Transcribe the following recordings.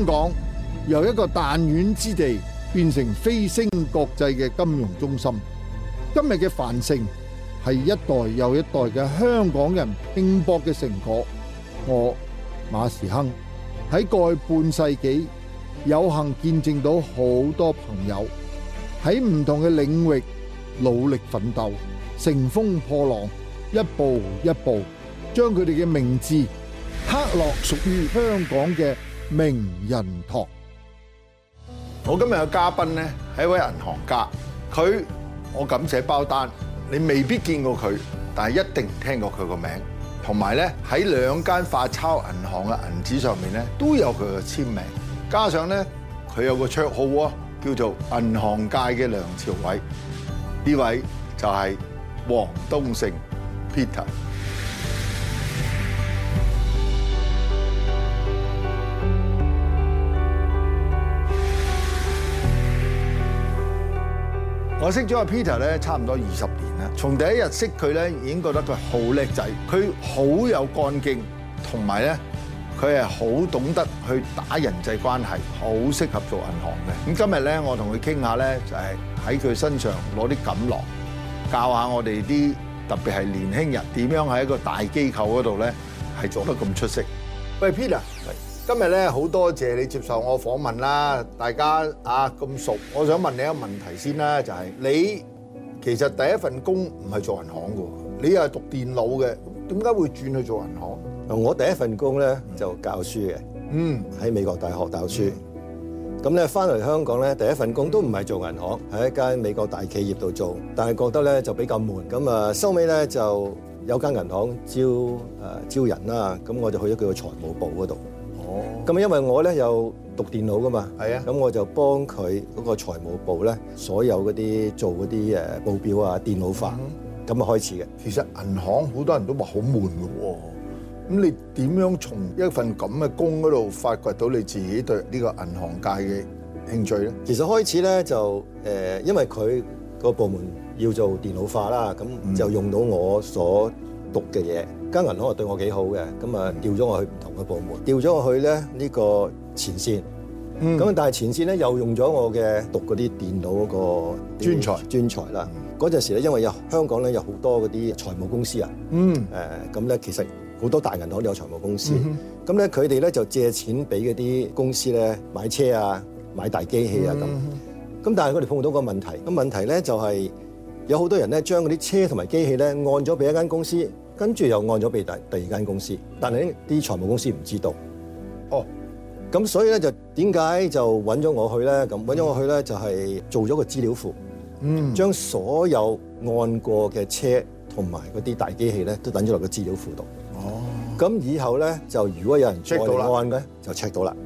香港由一個彈丸之地變成飛升國際嘅金融中心，今日嘅繁盛係一代又一代嘅香港人拼搏嘅成果。我馬時亨喺過去半世紀，有幸見證到好多朋友喺唔同嘅領域努力奮鬥，乘風破浪，一步一步將佢哋嘅名字刻落屬於香港嘅名人堂，我今日嘅嘉賓咧係一位銀行家他，佢我敢寫包單，你未必見過佢，但係一定聽過佢個名，同埋咧喺兩間發鈔銀行嘅銀紙上面咧都有佢嘅簽名，加上咧佢有個綽號啊，叫做銀行界嘅梁朝偉，呢位就係王冬勝 Peter。我識咗阿 Peter 咧，差唔多二十年啦。從第一日識佢咧，已經覺得佢好叻仔，佢好有幹勁，同埋咧佢係好懂得去打人際關係，好適合做銀行嘅。咁今日咧，我同佢傾下咧，就係喺佢身上攞啲錦囊，教下我哋啲特別係年輕人點樣喺一個大機構嗰度咧係做得咁出色。喂，Peter。今日咧好多謝你接受我訪問啦，大家啊咁熟，我想問你一個問題先啦，就係你其實第一份工唔係做銀行嘅，你又係讀電腦嘅，點解會轉去做銀行？我第一份工咧就教書嘅，嗯，喺美國大學教書。咁咧翻嚟香港咧，第一份工都唔係做銀行，喺一間美國大企業度做，但係覺得咧就比較悶，咁啊收尾咧就有間銀行招誒招人啦，咁我就去咗佢個財務部嗰度。咁啊，因為我咧有讀電腦噶嘛，咁我就幫佢嗰個財務部咧，所有嗰啲做嗰啲誒報表啊，電腦化，咁、嗯、啊開始嘅。其實銀行好多人都話好悶嘅喎，咁你點樣從一份咁嘅工嗰度發掘到你自己對呢個銀行界嘅興趣咧？其實開始咧就誒，因為佢個部門要做電腦化啦，咁就用到我所讀嘅嘢，間銀行又對我幾好嘅，咁啊調咗我去唔同嘅部門，調咗我去咧呢、呢個前線，咁、嗯、但係前線咧又用咗我嘅讀嗰啲電腦嗰、嗰個專才專才啦。嗰、嗯、陣時咧，因為有香港咧有好多嗰啲財務公司啊，誒咁咧其實好多大銀行都有財務公司，咁咧佢哋咧就借錢俾嗰啲公司咧買車啊、買大機器啊咁，咁、嗯、但係佢哋碰到個問題，咁問題咧就係、是。有好多人咧，將嗰啲車同埋機器咧，按咗俾一間公司，跟住又按咗俾第第二間公司，但係啲財務公司唔知道。哦，咁所以咧就點解就揾咗我去咧？咁揾咗我去咧就係做咗個資料庫，嗯，將所有按過嘅車同埋嗰啲大機器咧，都等咗落個資料庫度。哦，咁以後咧就如果有人再按嘅，就 check 到啦。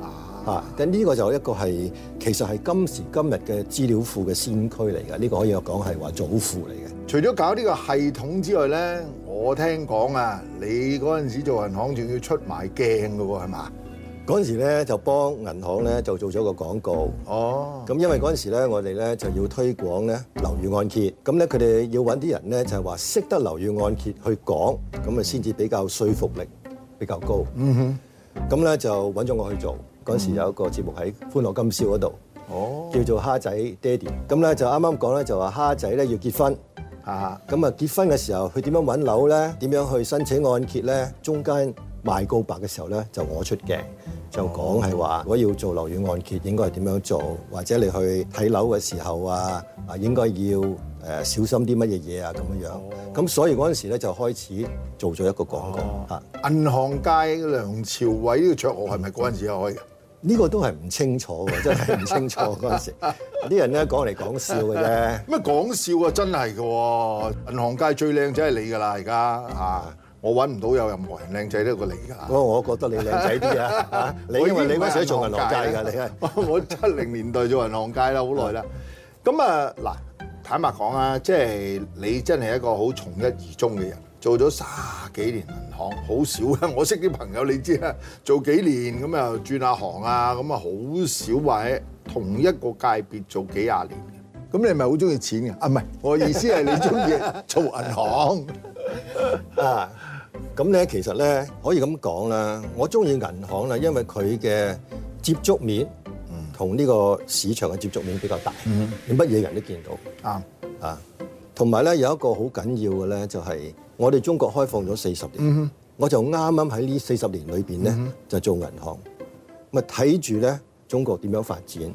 嚇、啊！咁、這、呢個就一個係其實係今時今日嘅資料庫嘅先驅嚟嘅，呢、這個可以講係話祖父嚟嘅。除咗搞呢個系統之外咧，我聽講啊，你嗰陣時做銀行仲要出埋鏡嘅喎，係嘛？嗰陣時咧就幫銀行咧就做咗個廣告。哦。咁因為嗰陣時咧，我哋咧就要推廣咧樓宇按揭，咁咧佢哋要揾啲人咧就係話識得樓宇按揭去講，咁啊先至比較說服力比較高。嗯哼。咁咧就揾咗我去做。嗰時有一個節目喺《歡樂今宵》嗰度，叫做蝦仔爹哋。咁咧就啱啱講咧就話蝦仔咧要結婚，啊咁啊結婚嘅時候佢點樣揾樓咧？點樣去申請按揭咧？中間賣告白嘅時候咧就我出鏡，就講係話如果要做樓宇按揭應該係點樣做，或者你去睇樓嘅時候啊啊應該要誒小心啲乜嘢嘢啊咁樣樣。咁所以嗰陣時咧就開始做咗一個廣告嚇。銀行界梁朝偉呢個綽號係咪嗰陣時開嘅？嗯呢、這個都係唔清楚喎，真係唔清楚嗰陣時，啲 人咧講嚟講笑嘅啫。乜講笑啊？真係㗎喎！銀行界最靚仔係你㗎啦，而家吓，我揾唔到有任何人靚仔得過你㗎。 我覺得你靚仔啲啊 你，我以為你嗰時做銀行界㗎，你係 我七零年代做銀行界啦，好耐啦。咁 啊嗱，坦白講啊，即係你真係一個好從一而終嘅人。做咗卅幾年銀行，好少啊！我識啲朋友，你知啊，做幾年咁又轉下行啊，咁啊好少喺同一個界別做幾廿年。咁你咪好中意錢嘅？啊，唔係，我意思係你中意做銀行 啊。咁咧，其實咧可以咁講啦，我中意銀行啦，因為佢嘅接觸面同呢、嗯、個市場嘅接觸面比較大，你乜嘢人都見到。啱啊，同埋咧有一個好緊要嘅咧，就係、是。我哋中國開放咗四十年、嗯，我就啱啱喺呢四十年裏面呢就做銀行，咪睇住咧中國點樣發展，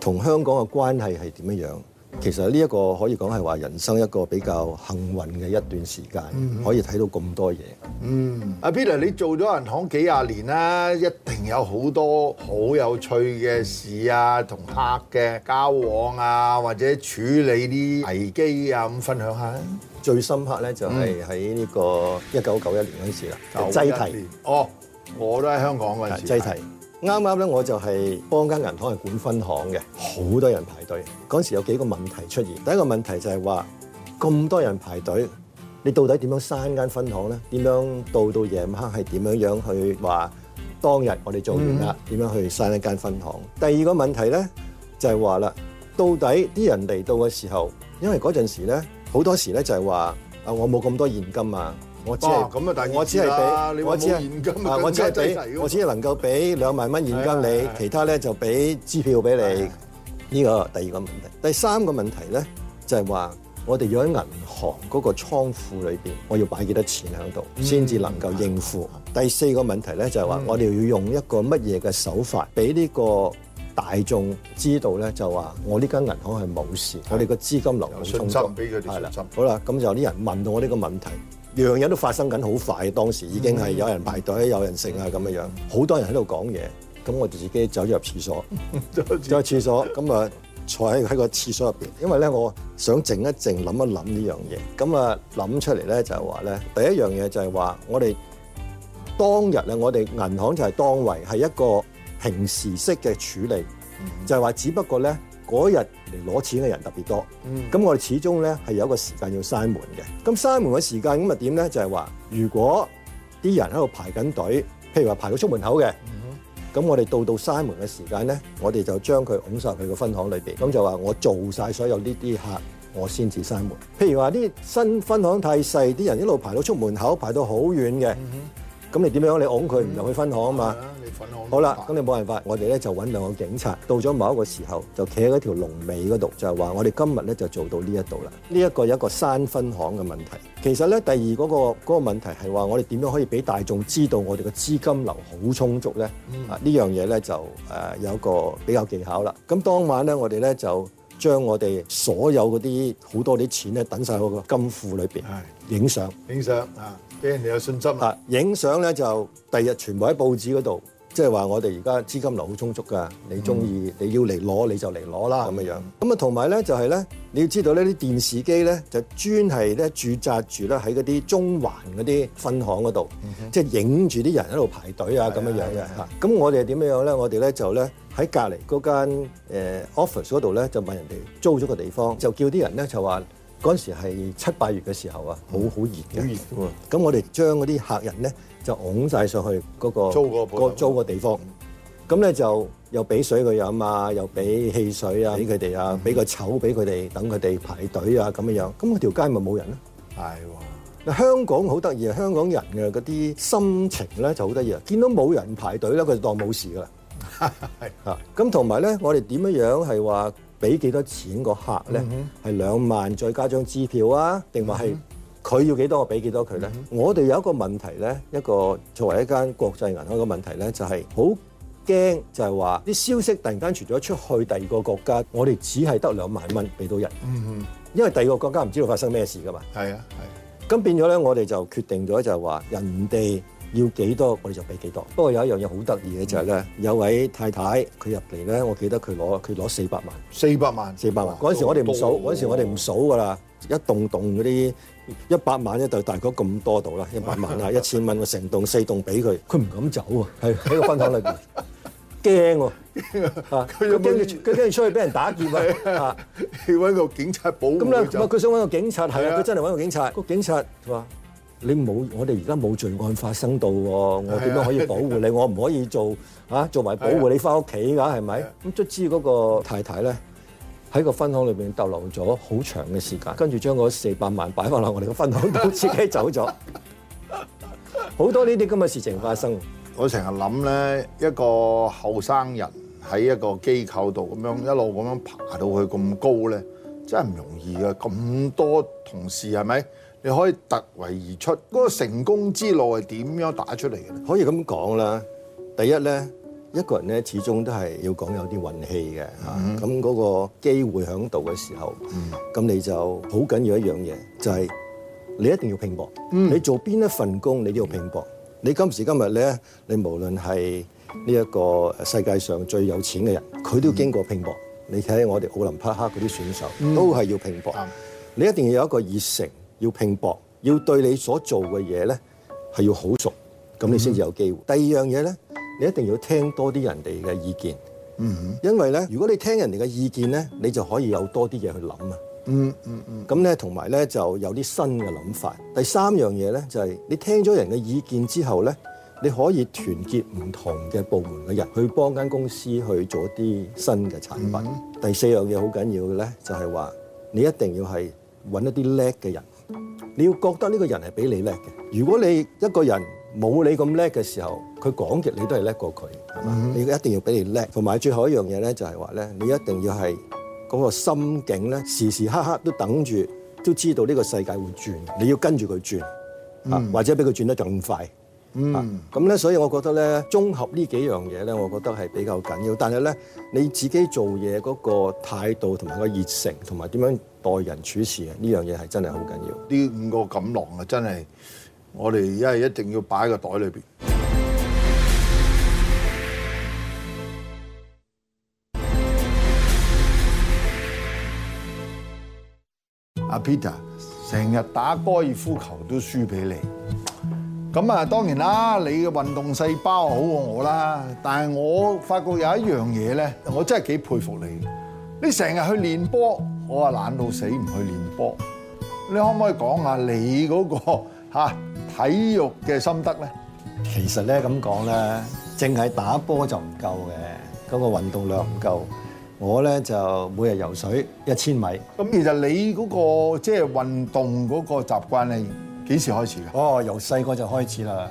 同、嗯、香港嘅關係係點樣樣。其實呢一個可以講係話人生一個比較幸運嘅一段時間，可以睇到咁多嘢。嗯，阿 Peter 你做咗銀行幾廿年啦，一定有好多好有趣嘅事啊，同客嘅交往啊，或者處理啲危機啊，咁分享下。最深刻咧就係喺呢個一九九一年嗰陣時啦。擠提哦，我都喺香港嗰陣時，擠提。啱啱咧，我就係幫間銀行係管分行嘅，好多人排隊。嗰時有幾個問題出現。第一個問題就係話咁多人排隊，你到底點樣閂間分行咧？點樣到到夜晚黑係點樣樣去話當日我哋做完啦？嗯、點樣去閂一間分行？第二個問題咧就係話啦，到底啲人嚟到嘅時候，因為嗰陣時咧好多時咧就係話啊，我冇咁多現金啊。我知，咁啊，但我只係俾、哦，我只係現金我只係俾，我只係能夠俾兩萬蚊現金你，其他咧就俾支票俾你。呢、呢個第二個問題，第三個問題咧就係話，我哋要喺銀行嗰個倉庫裏邊，我要擺幾多錢喺度，先、嗯、至能夠應付、嗯。第四個問題咧就係話，我哋要用一個乜嘢嘅手法，俾、嗯、呢個大眾知道咧，就話我呢間銀行係冇事，的我哋個資金流動充足。係啦，好啦，咁就有啲人問到我呢個問題。嗯樣樣都發生緊，好快。當時已經係有人排隊、嗯，有人食啊咁樣樣，好多人喺度講嘢。咁我哋自己走咗入廁所， 走咗入廁所，咁 啊坐喺喺個廁所入邊。因為咧，我想靜一靜，諗一諗呢樣嘢。咁啊諗出嚟咧，就係話咧，第一樣嘢就係話，我哋當日咧，我哋銀行就係當為係一個平時式嘅處理，嗯、就係話，只不過咧。嗰日嚟攞錢嘅人特別多，咁、嗯、我哋始終咧係有個時間要閂門嘅。咁閂門嘅時間咁咪點咧？就係、是、話，如果啲人喺度排緊隊，譬如話排到出門口嘅，咁、嗯、我哋到到閂門嘅時間咧，我哋就將佢拱晒去個分行裏邊。咁、嗯、就話我做晒所有呢啲客，我先至閂門。譬如話啲新分行太細，啲人一路排到出門口，排到好遠嘅。嗯咁你點樣？你揹佢唔入去分行啊嘛！你分好啦，咁你冇辦法。我哋咧就揾兩個警察，到咗某一個時候，就企喺嗰條龍尾嗰度，就係話：我哋今日咧就做到呢一度啦。呢、這、一個有一個山分行嘅問題。其實咧，第二嗰、那個嗰、那個問題係話：我哋點樣可以俾大眾知道我哋嘅資金流好充足咧、嗯？啊，呢樣嘢咧就、啊、有一個比較技巧啦。咁當晚咧，我哋咧就將我哋所有嗰啲好多啲錢咧，等晒喺個金庫裏面，影相，影相啊！俾人哋有信心。啊！影相咧就第日全部喺報紙嗰度，即係話我哋而家資金流好充足噶。你中意、嗯、你要嚟攞你就嚟攞啦咁嘅樣。咁啊同埋咧就係、是、咧，你要知道呢啲電視機咧就專係咧駐紮住咧喺嗰啲中環嗰啲分行嗰度，即係影住啲人喺度排隊啊咁嘅、啊、樣嘅嚇。咁、啊啊啊、我哋點樣樣咧？我哋咧就咧喺隔離嗰間、呃、office 嗰度咧就問人哋租咗個地方，就叫啲人咧就話。嗰陣時係七八月嘅時候啊，好、嗯、好熱嘅。好熱嘅喎，咁我哋將嗰啲客人咧就拱晒上去嗰、個租個租個地方，咁、嗯、咧就又俾水佢飲啊，又俾汽水啊，俾佢哋啊，俾、嗯、個籌俾佢哋，等佢哋排隊啊咁嘅樣。咁、嗰條街咪冇人咯，係喎。嗱，香港好得意啊，香港人嘅嗰啲心情咧就好得意啊。見到冇人排隊咧，佢就當冇事噶啦。係啊，咁同埋咧，我哋點樣樣係話？俾幾多錢個客咧？係、嗯、兩萬，再加張支票啊？定話係佢要幾多、嗯，我俾幾多佢咧、嗯？我哋有一個問題咧，一個作為一間國際銀行嘅問題咧，就係好驚就係話啲消息突然間傳咗出去第二個國家，我哋只係得兩萬蚊俾到人。嗯嗯，因為第二個國家唔知道發生咩事噶嘛。係啊，係、啊。咁變咗咧，我哋就決定咗就係話人哋。要幾多我哋就俾幾多。不過有一樣嘢好得意嘅就係咧，有位太太佢入嚟咧，我記得佢攞佢攞四百萬，四百萬四百萬。嗰時我哋唔數，嗰時我哋唔數噶啦。一棟棟嗰啲一百萬咧就大概咁多度啦，一百萬啦，一千蚊我成棟四棟俾佢，佢唔敢走啊，喺個分行裏邊驚喎，佢驚佢驚出去俾人打劫啊，要揾個警察保。咁咧，佢想揾個警察，係啊，佢真係揾個警察。個警察話。你冇我哋而家冇罪案發生到喎，我點樣可以保護你？啊啊啊、我唔可以做、啊、做埋保護你翻屋企㗎，係咪、啊？咁卒之嗰個太太咧，喺個分行裏面逗留咗好長嘅時間，跟住將嗰四百萬擺翻落我哋個分行度，自己走咗。好、啊、多呢啲咁嘅事情發生。啊、我成日諗咧，一個後生人喺一個機構度咁樣一路咁樣爬到去咁高咧，真係唔容易嘅。咁、啊、多同事係咪？你可以突圍而出。嗰、那個、成功之路係點樣打出嚟嘅咧？可以咁講啦，第一咧，一個人咧始終都係要講有啲運氣嘅嚇，咁、嗯、嗰、啊、個機會喺度嘅時候，咁、嗯、你就好緊要一樣嘢，就係、是、你一定要拼搏。嗯、你做邊一份工，你都要拼搏。嗯、你今時今日咧，你無論係呢一個世界上最有錢嘅人，佢都經過拼搏。嗯、你睇下我哋奧林匹克嗰啲選手、嗯，都係要拼搏、嗯。你一定要有一個熱誠。要拼搏，要對你所做嘅嘢呢係要好熟，咁你先至有機會。第二樣嘢呢，你一定要聽多啲人哋嘅意見，嗯，因為呢，如果你聽人哋嘅意見呢，你就可以有多啲嘢去諗啊，嗯嗯嗯，咁呢同埋呢就有啲新嘅諗法。第三樣嘢呢就係你聽咗人嘅意見之後呢，你可以團結唔同嘅部門嘅人去幫間公司去做啲新嘅產品。第四樣嘢好緊要嘅呢就係話，你一定要係揾一啲叻嘅人。你要覺得呢個人係比你叻嘅，如果你一個人冇你咁叻嘅時候，佢講極你都係叻過佢，係嘛？你要一定要比你叻，同埋最後一樣嘢咧，就係話咧，你一定要係嗰個心境咧，時時刻刻都等住，都知道呢個世界會轉，你要跟住佢轉，或者俾佢轉得更快。嗯，咁咧，所以我覺得咧，綜合呢幾樣嘢咧，我覺得係比較緊要。但係咧，你自己做嘢嗰個態度同埋個熱誠，同埋點樣待人處事啊，呢樣嘢係真係好緊要。呢五個錦囊啊，真係我哋而家係一定要擺喺個袋裏邊。阿 Peter，成日打高爾夫球都輸俾你。咁啊，當然啦，你嘅運動細胞好過我啦。但係我發覺有一樣嘢咧，我真係幾佩服你。你成日去練波，我啊懶到死唔去練波。你可唔可以講下你嗰個嚇體育嘅心得咧？其實咧，咁講咧，淨係打波就唔夠嘅，嗰個運動量唔夠。我咧就每日游水一千米。咁其實你嗰個即係運動嗰個習慣咧？幾時開始㗎？哦，由細個就開始啦。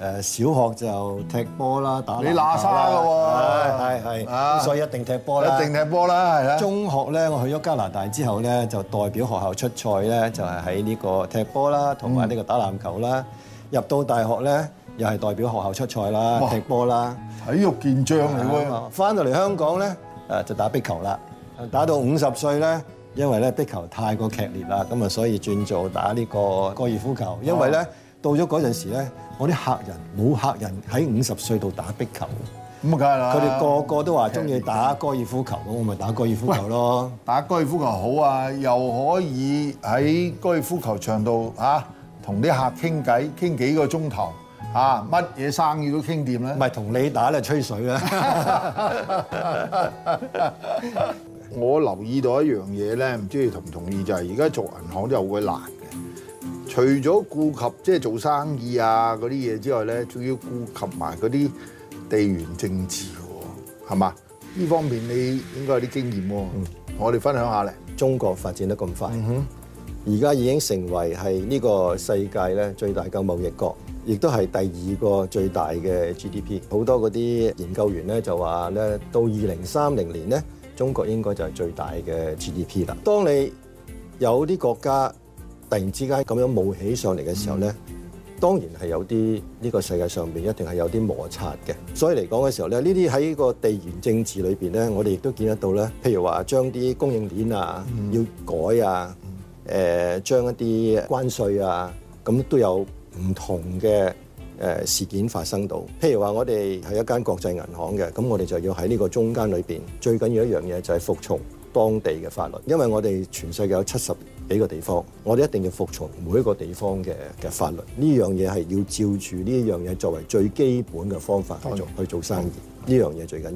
誒，小學就踢波啦，打籃球啦。你拿沙㗎喎，係係，所以一定踢波啦。一定踢波啦，係啦。中學咧，我去咗加拿大之後咧，就代表學校出賽咧，就係喺呢個踢波啦，同埋呢個打籃球啦。入到大學咧，又係代表學校出賽啦，踢波啦。體育健將嚟㗎嘛。翻到嚟香港咧，誒就打壁球啦，打到五十歲咧。因為咧壁球太過劇烈啦，咁啊所以轉做打呢個高爾夫球。因為咧、嗯、到咗嗰陣時咧，我啲客人冇客人喺五十歲度打壁球，咁啊梗係啦，佢哋個個都話中意打高爾夫球，咁我咪打高爾夫球咯。打高爾夫球好啊，又可以喺高爾夫球場度啊同啲客傾偈，傾幾個鐘頭啊，乜嘢生意都傾掂啦。唔係同你打咧吹水啦。 我留意到一樣嘢咧，唔知你同唔同意？就係而家做銀行都有會難嘅，除咗顧及即係做生意啊嗰啲嘢之外咧，仲要顧及埋嗰啲地緣政治喎，係嘛？呢方面你應該有啲經驗喎、嗯。我哋分享下咧，中國發展得咁快，嗯、而家已經成為係呢個世界咧最大嘅貿易國，亦都係第二個最大嘅 G D P。好多嗰啲研究員咧就話咧，到二零三零年咧。中國應該就係最大嘅 GDP 啦。當你有啲國家突然之間咁樣冒起上嚟嘅時候咧、嗯，當然係有啲呢、這個世界上邊一定係有啲摩擦嘅。所以嚟講嘅時候咧，呢啲喺個地緣政治裏邊咧，我哋亦都見得到咧。譬如話將啲供應鏈啊要改啊，誒、嗯、將、呃、一啲關稅啊，咁都有唔同嘅。誒事件發生到，譬如話我哋係一間國際銀行嘅，咁我哋就要喺呢個中間裏面，最緊要一樣嘢就係服從當地嘅法律，因為我哋全世界有七十幾個地方，我哋一定要服從每一個地方嘅嘅法律。呢樣嘢係要照住呢一樣嘢作為最基本嘅方法去做去做生意。呢樣嘢最緊要。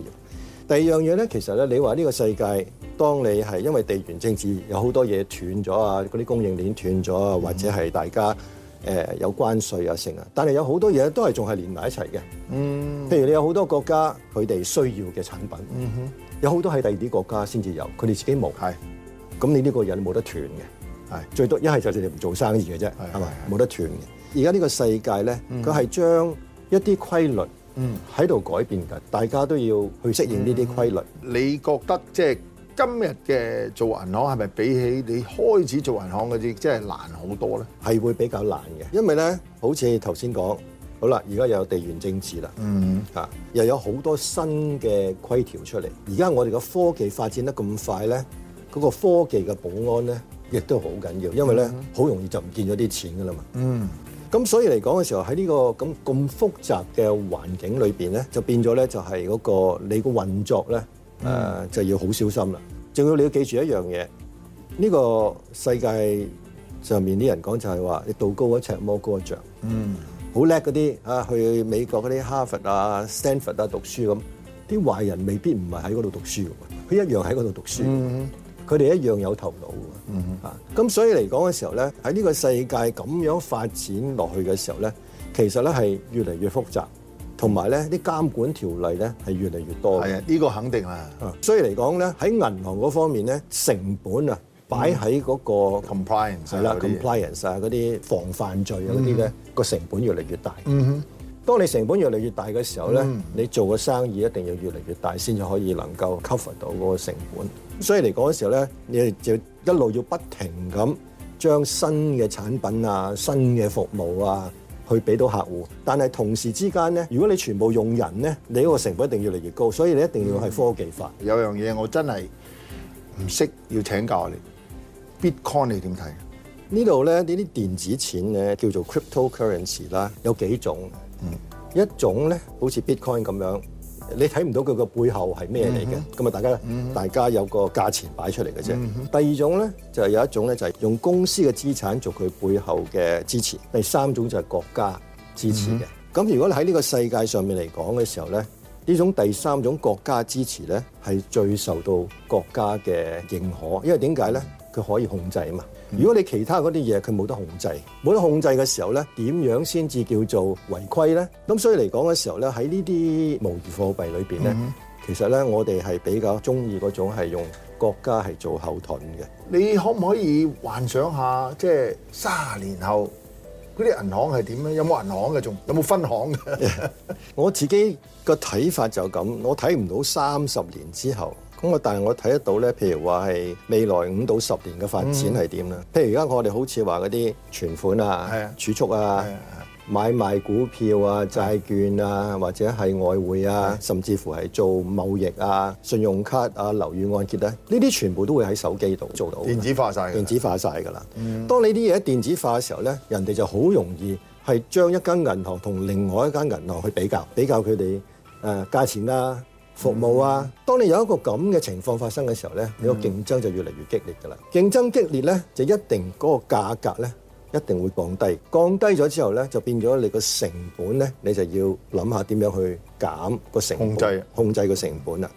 第二樣嘢呢，其實呢，你話呢個世界，當你係因為地緣政治有好多嘢斷咗啊，嗰啲供應鏈斷咗啊，或者係大家。誒有關稅啊，成啊，但係有好多嘢都係仲係連埋一齊嘅。嗯，譬如你有好多國家佢哋需要嘅產品，嗯哼，有好多係第二啲國家先至有，佢哋自己冇。係，咁你呢個人冇得斷嘅，係最多一係就係你唔做生意嘅啫，係咪？冇得斷嘅。而家呢個世界咧，佢係將一啲規律喺度改變緊，大家都要去適應呢啲規律。你覺得即係？今日嘅做銀行係咪比起你開始做銀行嗰啲，真係難好多咧？係會比較難嘅，因為咧，好似頭先講，好啦，而家又有地緣政治啦，嗯，嚇，又有好多新嘅規條出嚟。而家我哋嘅科技發展得咁快咧，嗰個科技嘅保安咧，亦都好緊要，因為咧，好、嗯、容易就唔見咗啲錢噶啦嘛。嗯，咁所以嚟講嘅時候，喺呢個咁咁複雜嘅環境裏邊咧，就變咗咧、那個，就係嗰個你個運作咧。誒就要好小心啦！仲要你要記住一樣嘢，呢個世界上面啲人講就係話，你道高一尺，魔高一丈。嗯，好叻嗰啲啊，去美國嗰啲哈佛啊、Stanford 啊讀書咁，啲壞人未必唔係喺嗰度讀書嘅，佢一樣喺嗰度讀書。嗯哼，佢哋一樣有頭腦。嗯哼，啊，咁所以嚟講嘅時候咧，喺呢個世界咁樣發展落去嘅時候咧，其實咧係越嚟越複雜。同埋咧，啲監管條例咧係越嚟越多嘅。係啊，呢個肯定啊。啊，所以嚟講咧，喺銀行嗰方面咧，成本啊，擺喺嗰個 compliance 係啦，compliance 啊，嗰啲防犯罪啊嗰啲咧，個成本越嚟越大。嗯哼。當你成本越嚟越大嘅時候咧，你做嘅生意一定要越嚟越大，先至可以能夠 cover 到嗰個成本。所以嚟講嘅時候咧，你哋就一路要不停咁將新嘅產品啊、新嘅服務啊，去俾到客戶，但係同時之間咧，如果你全部用人咧，你嗰個成本一定要越嚟越高，所以你一定要係科技化、嗯。有樣嘢我真係唔識，要請教你。Bitcoin 你點睇？呢度咧呢啲電子錢咧叫做 cryptocurrency 啦，有幾種，嗯、一種咧好似 Bitcoin 咁樣。你睇唔到佢個背後係咩嚟嘅，咁、嗯、啊大家、嗯，大家有個價錢擺出嚟嘅啫。第二種咧就係有一種咧就係、是、用公司嘅資產做佢背後嘅支持。第三種就係國家支持嘅。咁、嗯、如果喺呢個世界上面嚟講嘅時候咧，呢種第三種國家支持咧係最受到國家嘅認可，因為點解咧？佢可以控制啊嘛。如果你其他嗰啲嘢佢冇得控制，冇得控制嘅時候咧，點樣先至叫做違規咧？咁所以嚟講嘅時候咧，喺呢啲模擬貨幣裏邊咧、嗯，其實咧我哋係比較中意嗰種係用國家係做後盾嘅。你可唔可以幻想下，即係卅年後嗰啲銀行係點樣？有冇銀行嘅？仲有冇分行嘅？ 我自己個睇法就咁，我睇唔到三十年之後。咁啊！但係我睇得到咧，譬如話係未來五到十年嘅發展係點啦。嗯、譬如而家我哋好似話嗰啲存款啊、儲蓄啊、買賣股票啊、債券啊，或者係外匯啊，甚至乎係做貿易啊、信用卡啊、樓宇按揭咧，呢啲全部都會喺手機度做到。電子化晒。電子化晒㗎啦。嗯、當你啲嘢一電子化嘅時候咧，人哋就好容易係將一間銀行同另外一間銀行去比較，比較佢哋誒價錢啦、啊。服務啊！當你有一個咁嘅情況發生嘅時候咧，你個競爭就越嚟越激烈噶啦。競爭激烈咧，就一定嗰個價格咧，一定會降低。降低咗之後咧，就變咗你個成本咧，你就要諗下點樣去減個成本，控制個成本啦。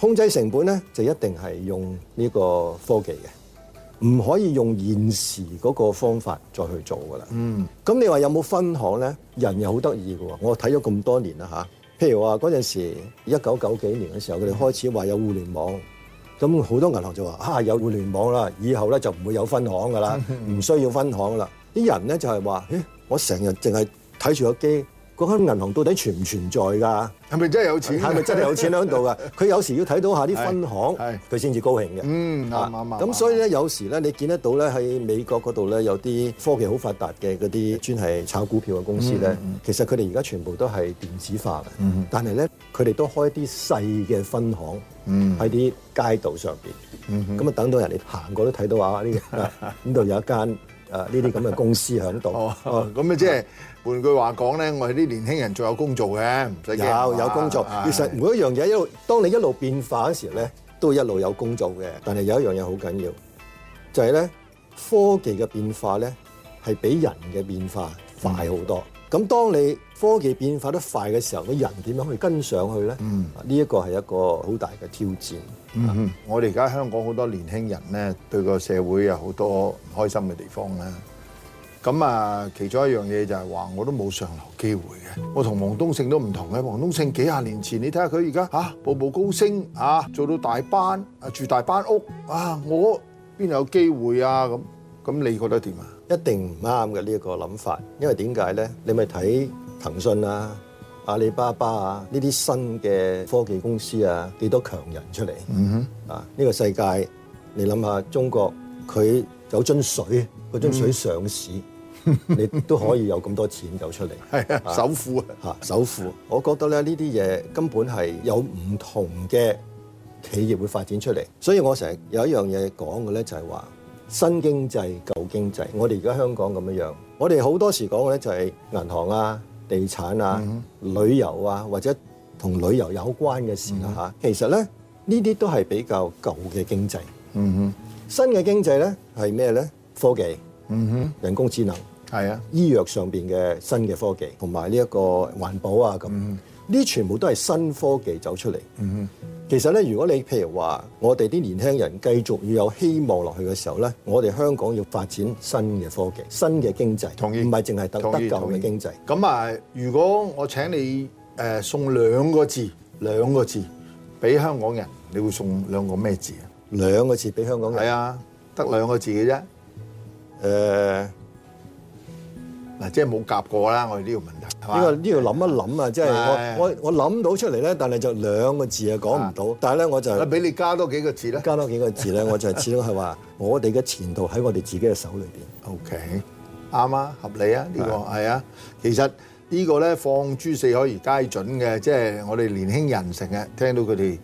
控制成本咧，就一定係用呢個科技嘅，唔可以用現時嗰個方法再去做噶啦。嗯。咁你話有冇分行咧？人又好得意嘅喎，我睇咗咁多年啦嚇。譬如話嗰陣時，一九九幾年嘅時候，佢哋開始話有互聯網，咁好多銀行就話：啊，有互聯網啦，以後咧就唔會有分行㗎喇，唔 需要分行啦。啲人咧就係話：咦，我成日淨係睇住個機。嗰間銀行到底存唔存在㗎？係咪真係有錢？係咪真係有錢喺度㗎？佢 有時要睇到下啲分行，佢先至高興嘅。嗯，咁、啊嗯嗯嗯嗯嗯嗯、所以咧，有時咧，你見得到咧喺美國嗰度咧，有啲科技好發達嘅嗰啲專係炒股票嘅公司咧、嗯嗯，其實佢哋而家全部都係電子化嘅、嗯。但係咧，佢哋都開啲細嘅分行，喺、嗯、啲街道上邊。咁、嗯、啊，嗯嗯、等到人哋行過都睇到啊，呢 度 有一間。誒呢啲咁嘅公司響度，哦，咁啊即係換句話講咧，我哋啲年輕人仲有工做嘅，唔使驚，有有工做。其實每一樣嘢一路，當你一路變化嘅時候咧，都一路有工做嘅。但係有一樣嘢好緊要，就係咧科技嘅變化咧，係比人嘅變化快好多。咁當你科技變化得快嘅時候，嘅人點樣去跟上去咧？呢一個係一個好大嘅挑戰。我哋而家香港好多年輕人咧，對個社會有好多唔開心嘅地方咧。咁啊，其中一樣嘢就係話，我都冇上流機會嘅。我同王冬勝都唔同嘅。王冬勝幾廿年前，你睇下佢而家嚇步步高升啊，做到大班啊，住大班屋啊，我邊有機會啊？咁咁，你覺得點啊？一定唔啱嘅呢個諗法，因為點解咧？你咪睇騰訊啊、阿里巴巴啊呢啲新嘅科技公司啊，幾多強人出嚟，嗯？啊，呢個世界，你諗下中國佢有樽水，嗰樽水上市，嗯，你都可以有咁多錢走出嚟。 啊，首富啊，首富。我覺得咧，呢啲嘢根本係有唔同嘅企業會發展出嚟。所以我成日有一樣嘢講嘅咧，就係話。新經濟、舊經濟，我哋而家香港咁樣樣，我哋好多時講嘅咧就係銀行啊、地產啊、旅遊啊，或者同旅遊有關嘅事啦嚇。其實咧，呢啲都係比較舊嘅經濟。嗯哼，新嘅經濟咧係咩咧？科技。嗯哼，人工智能。係啊，醫藥上面嘅新嘅科技，同埋呢一個環保啊咁。嗯哼，呢啲全部都係新科技走出嚟。嗯哼。其實咧，如果你譬如話，我哋啲年輕人繼續要有希望落去嘅時候咧，我哋香港要發展新嘅科技、新嘅經濟，唔係淨係得舊嘅經濟。咁啊，如果我請你誒、呃、送兩個字，兩個字俾香港人，你會送兩個咩字啊？兩個字俾香港人，係啊，得兩個字嘅啫。誒、嗯、嗱，即係冇夾過啦，我哋呢個問題。呢、這個呢條諗一諗啊，即、就、係、是、我、啊、我我諗到出嚟咧，但係就兩個字不啊講唔到。但係咧，我就俾你加多幾個字啦。加多幾個字咧， 我就係始終係話我哋嘅前途喺我哋自己嘅手裏邊。OK，啱啊，合理啊，呢、這個係啊。其實這個呢個咧放諸四海而皆準嘅，即、就、係、是、我哋年輕人成日聽到佢哋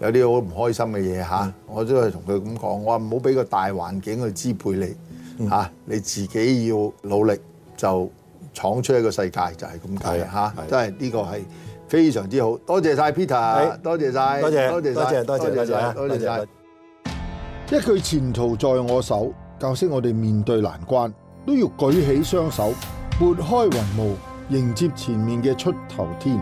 有啲好唔開心嘅嘢吓，我都係同佢咁講，我話唔好俾個大環境去支配你嚇、嗯啊，你自己要努力就。闖出一個世界就係咁解嚇，的真係呢個係非常之好，多謝晒 Peter，多謝晒！多謝多謝多謝多謝多謝，一句前途在我手，教識我哋面對難關都要舉起雙手撥開雲霧，迎接前面嘅出頭天。